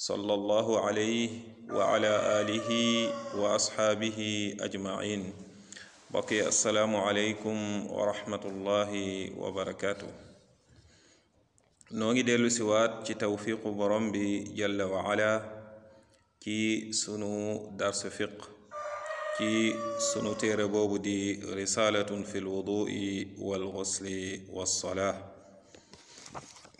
sallallahu alayhi wa ala alihi wa asxaabihi ajmain mbokk yi assalaamu aleykum wa rahmatullahi wa barakaatu noo ngi dellu siwaat ci tawfiqu borom bi jalla wa ala ci sunu darsu fiq ci sunu téere boobu di risaalatun fi lwudui wal gusli wassalaa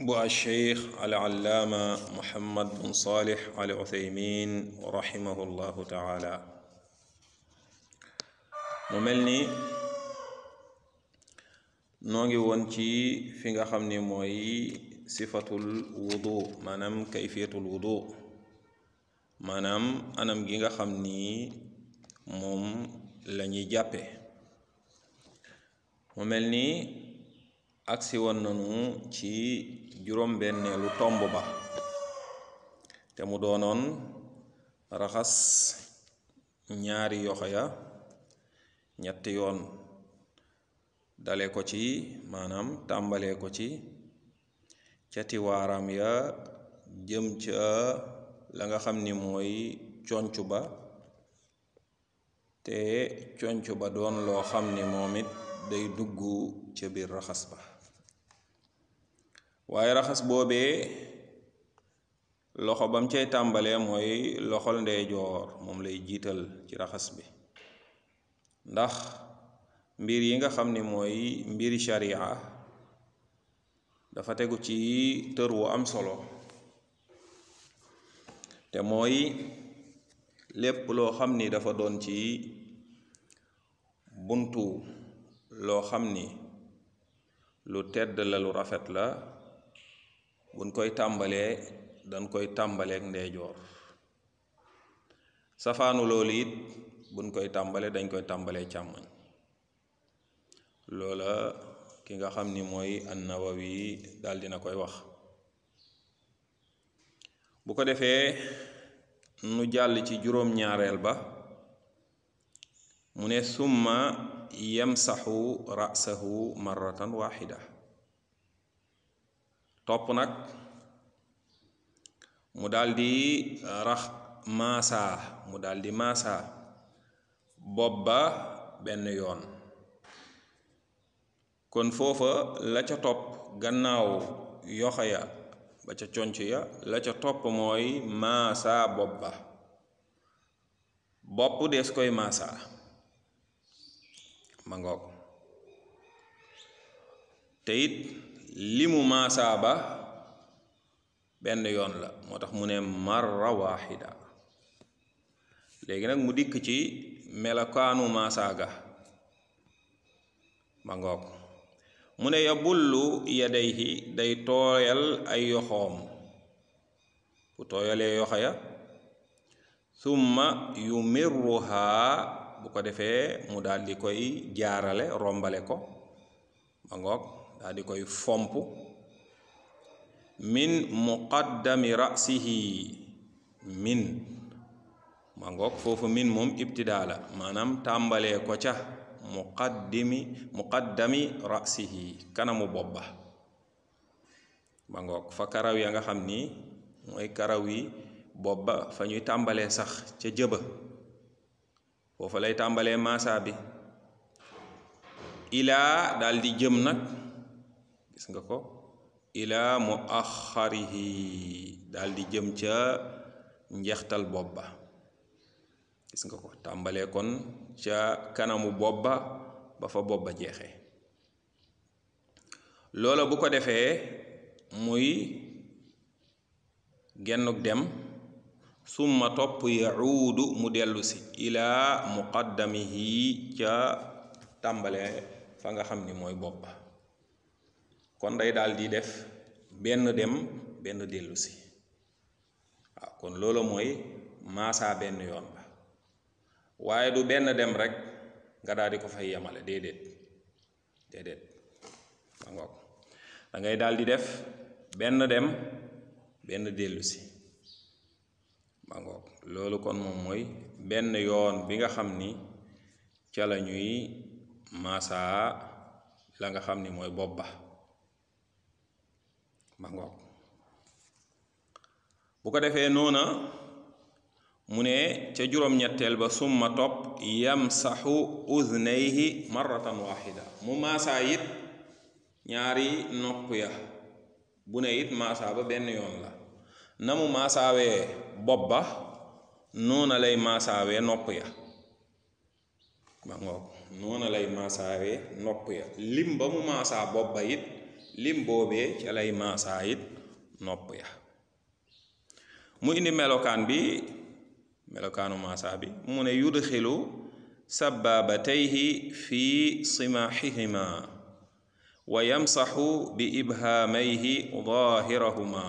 bu al sheikh al allaama muhammad bin saalih al uthaymin rahimahullahu taala mu mel ni noo ngi woon ci fi nga xam ni mooy sifatul wudu maanaam kayfiyatul wudu maanaam anam gi nga xam ni moom lañuy jàppe mu mel ni agsi woon nanu ci juróom-benneelu tomb ba te mu doonoon raxas ñaari yoxo ya ñetti yoon dale ko ci maanaam tàmbalee ko ci cati waaraam ya jëm ca la nga xam ni mooy conc ba te conc ba doon loo xam ni moom it day dugg ca biir raxas ba waaye raxas boobee loxo bam cay tàmbalee mooy loxol ndeyjoor moom lay jiital ci raxas bi ndax mbir yi nga xam ni mooy mbiri sharia dafa tegu ci tër wu am solo te mooy lépp loo xam ni dafa doon ci buntu loo xam ni lu tedd la lu rafet la buñ koy tàmbalee dañ koy tàmbaleek ndeyjoor safaanu loolu it buñ koy tàmbalee dañ koy tàmbalee càmmoñ loola ki nga xam ni mooy an-Nawawi daal dina koy wax bu ko defee nu jàll ci juróom-ñaareel ba mu ne summa yamsaxu ra'sahu marratan waaxida topp nag mu daldi rax maasa mu daldi maasa bopp ba benn yoon kon foofa la ca topp gannaaw yoxo ya ba ca conc ya la ca topp mooy maasa bopp ba bopp des koy maasa ma ngoog te limu maasaa ba benn yoon la moo tax mu ne marra waaxida léegi nag mu dikk ci melokaanu maasaa ga ma ngoog mu ne yabullu yadayhi day tooyal ay yoxoom bu tooyalee yoxo ya yu yumirruha bu ko defee mu daldi koy jaarale rombale ko ma ngoog daal di koy fomp min muqaddami rasihi min ma ngoog min moom ibtidaa la maanaam tàmbalee ko ca muqaddimi muqaddami rasihi kanamu bopp ba ma fa karaw ya nga xam ni mooy karaw yi ba fa ñuy tàmbalee sax ca jëba foofa lay tàmbalee maasa bi ilaa daal di jëm nag gis nga ko ilaa mu axarihi daal jëm ca njeextal bopp ba gis nga ko tàmbalee kon ca kanamu bopp ba ba fa bopp ba jeexee loola bu ko defee muy gennuk dem suma topp yacuudu mu dellu si ilaa muqaddamihi ca tàmbalee fa nga xam ni mooy bopp ba kon day daal def benn dem benn dellusi waaw kon loolu mooy maasaa benn yoon ba waaye du benn dem rek nga daal ko fay yemale déedéet déedéet ngoog dangay daldi def benn dem benn dellusi ma ngoog loolu kon moom mooy benn yoon bi nga xam ni ca la maasaa la nga xam ni mooy bopp ba ma ngoog bu ko defee noona mu ne ca juróom-ñetteel ba summa topp yamsaxu uznayhi marratan waxida mu maasaa it ñaari nopp ya bu ne it maasaa ba benn yoon la na mu maasaawee bopp ba noona lay maasaawee nopp ya ma ngoog noona lay maasaawee nopp ya lim ba mu maasaa bopp ba lim boobee ci lay maasaa it nopp ya mu indi melokaan bi melokaanu maasaa bi mu ne yudxilu sabaabatayhi fi simaaxihima wa yamsaxu bi ibhaamayhi daahirahuma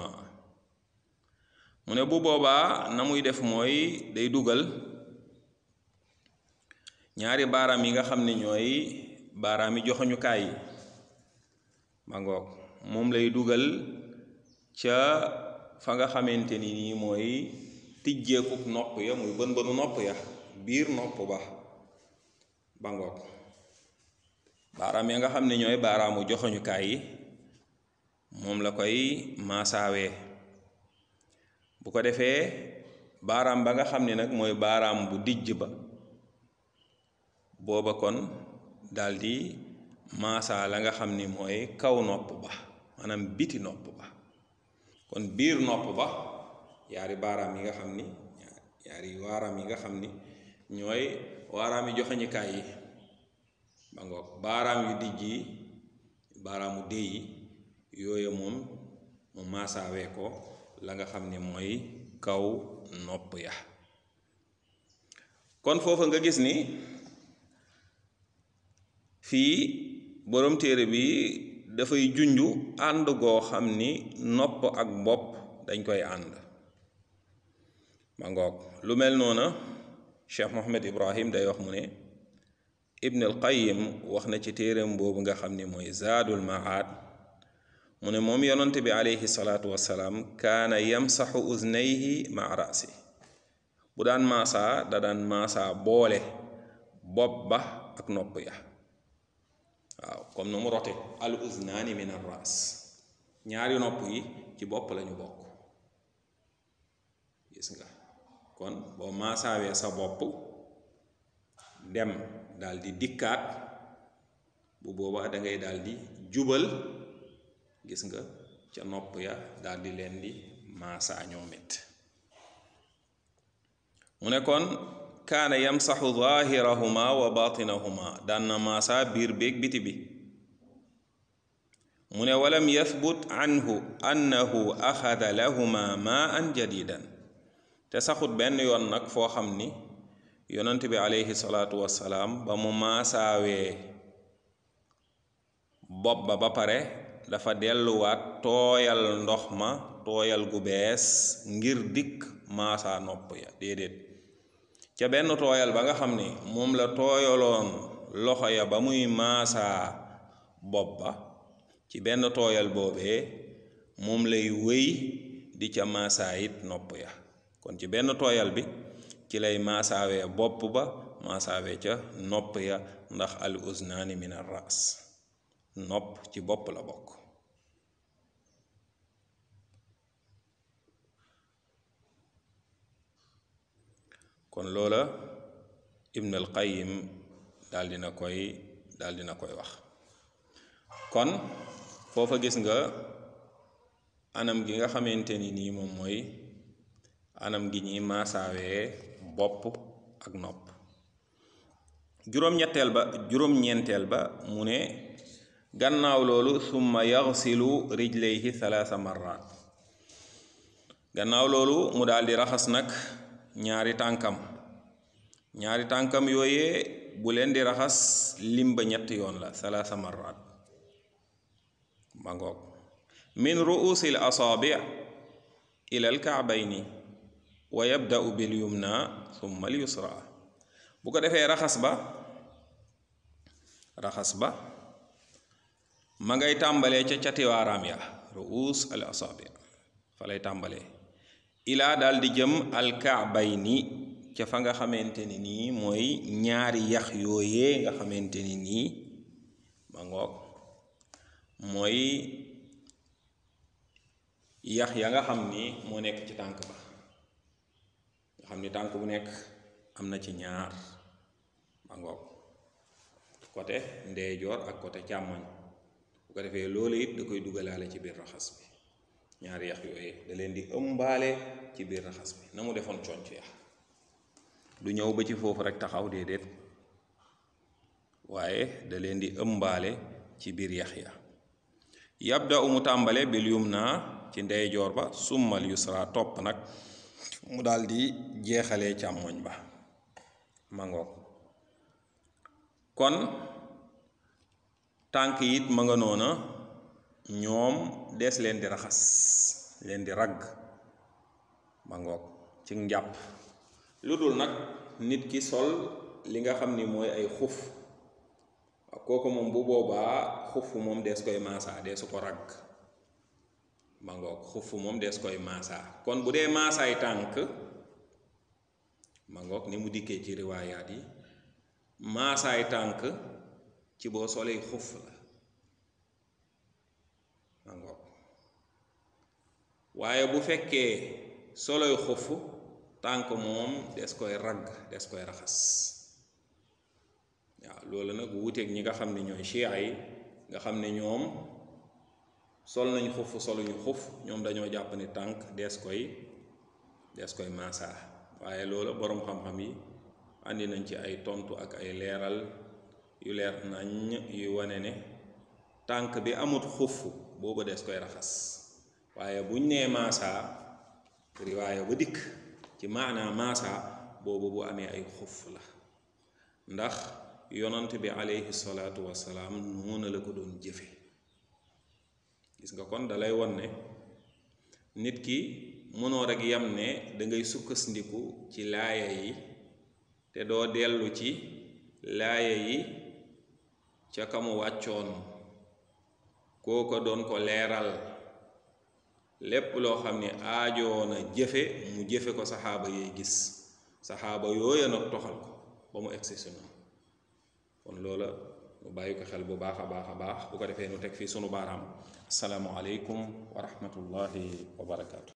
mu ne bu boobaa na muy def mooy day dugal ñaari baaraam yi nga xam ne ñooy baaraam baaraami joxoñukaay yi ma moom lay dugal ca fa nga xamante ni nii mooy tijjeekuk nopp ya muy bën bënu nopp ya biir nopp ba ba ngoog baaraam ya nga xam ne ñooy baaraamu joxoñukaay yi moom la koy maasaawe bu ko defee baaraam ba nga xam ni nag mooy baaraam bu dijj ba booba kon daldi maasaa la nga xam ni mooy kaw nopp ba maanaam biti nopp ba kon biir nopp ba yaari baaraam yi nga xam ni yaari waaraam yi nga xam ni ñooy waaraam yi joxañikaay yi ba ngoog baaraam yu dijj yi baaraamu dee yi yooyu moom mu maasaawee ko la nga xam ni mooy kaw nopp ya kon foofa nga gis ni fii boroom téere bi dafay junju ànd goo xam ni nopp ak bopp dañ koy ànd ma ngoog lu mel noona cheikh mohammed ibrahim day wax mu ne ibn qayyim wax na ci téereem boobu nga xam ni mooy zaadul maad mu ne moom yonante bi aleyhi salaatu wassalaam kaana yamsaxu uznayhi ma rasi bu daan maasaa da daan maasaa boole bopp ba ak nopp ya comme nu mu rote al uznaani min ar ñaari nopp yi ci bopp lañu bokk gis nga kon boo maasaawee sa bopp dem daldi dikkaat bu boobaa da ngay dal jubal gis nga ca nopp ya daldi leen di maasaa ñoomit mu ne kon kaana yamsaxu zaahirahuma wa batinahuma daan na maasaa biir béeg biti bi mu ne walam yathbut anhu annahu axada lahuma ma an te saxut benn yoon nag foo xam ni yonent bi aleyhi salaatu wasalaam ba mu maasaawee bopp ba ba pare dafa delluwaat tooyal ndox ma tooyal gu bees ngir dikk maasaa nopp ya déedéet ca benn tooyal ba nga xam ni moom la tooyaloon loxo ya ba muy maasaa bopp ba ci benn tooyal boobee moom lay wéy di ca maasaayit nopp ya kon ci benn tooyal bi ci lay maasaawee bopp ba maasaawee ca nopp ya ndax al uznaani min ar ras nopp ci bopp la bokk kon loola ibn al qayyim dina koy daal dina koy wax kon foofa gis nga anam gi nga xamante ni nii moom mooy anam gi ñuy maasaawee bopp ak nopp juróom-ñetteel ba juróom-ñeenteel ba mu ne gannaaw loolu summa yaxsilu rijlayhi salaasa marrat gannaaw loolu mu daldi raxas nag ñaari tànkam ñaari tànkam yooyee bu leen di raxas lim ba ñett yoon la salaasa marrat ma ngoog min ruusil asaabi ilal kaabayni wa yabdau bil yumna summa al yusra bu ko defee raxas ba raxas ba ma ngay tàmbalee ca catiwaaraam ya ruus al asaabi fa lay tàmbalee ilaa daal di jëm al kaabayni ca fa nga xamante ni nii mooy ñaari yax yooyee nga xamante ni nii ma mooy yax ya nga xam ni moo nekk ci tànk ba nga xam ni tànk bu nekk am na ci ñaar ba ngoog côté ndeejoor ak côté càmmoñ bu ko defee loolu it da koy dugalaale ci biir raxas bi ñaari yax yooyu da leen di ëmbaale ci biir raxas bi na mu defoon conc yax du ñëw ba ci foofu rek taxaw déedéet waaye da leen di ëmbaale ci biir yax ya yabda'u mu tàmbale bil naa ci ndeyjoor ba summal yusra topp nag mu daldi di jeexalee càmmoñ ba ma ngoog kon tànk yit ma nga noona ñoom des leen di raxas leen di ragg ma ngoog ci njàpp lu dul nag nit ki sol li nga xam ni mooy ay xuf waaw kooku moom bu boobaa xufu moom des koy maasaa deesu ko ragg ma ngoog moom des koy maasaa kon bu dee maasaay tànk mangook ni mu dikkee ci riwaayaat yi maasaay tànk ci boo solee xuf la ma waaye bu fekkee soloy xuf tànk moom des koy ragg des koy raxas waaw loolu nag wuuteeg ñi nga xam ne ñooy chia yi nga xam ne ñoom sol nañ xuf soluñu xuf ñoom dañoo jàpp ne tànk dees koy dees koy maasa waaye loolu boroom xam-xam yi andi nañ ci ay tontu ak ay leeral yu leer nañ yuy wane ne tànk bi amut xuf boobu des koy raxas waaye buñ nee maasa riwaaya ba dikk ci maanaa maasa boobu bu amee ay xuf la ndax yonant bi aleyhi salaatu wasalaam noona la ko doon jëfe gis nga kon dalay won ne nit ki mënoo rek yam ne dangay sukkandiku ci laaya yi te doo dellu ci laaya yi ca kamu wàccoon koo ko doon ko leeral lépp loo xam ne aajoona jëfe mu jëfe ko saxaaba yooyu gis saxaaba yooya nag toxal ko ba mu egsi kon loola bàyyi ko xel bu baax a baax a baax bu ko defee nu teg fii sunu baaraam asalaamualeykum wa rahmatullahi wa barakaatu.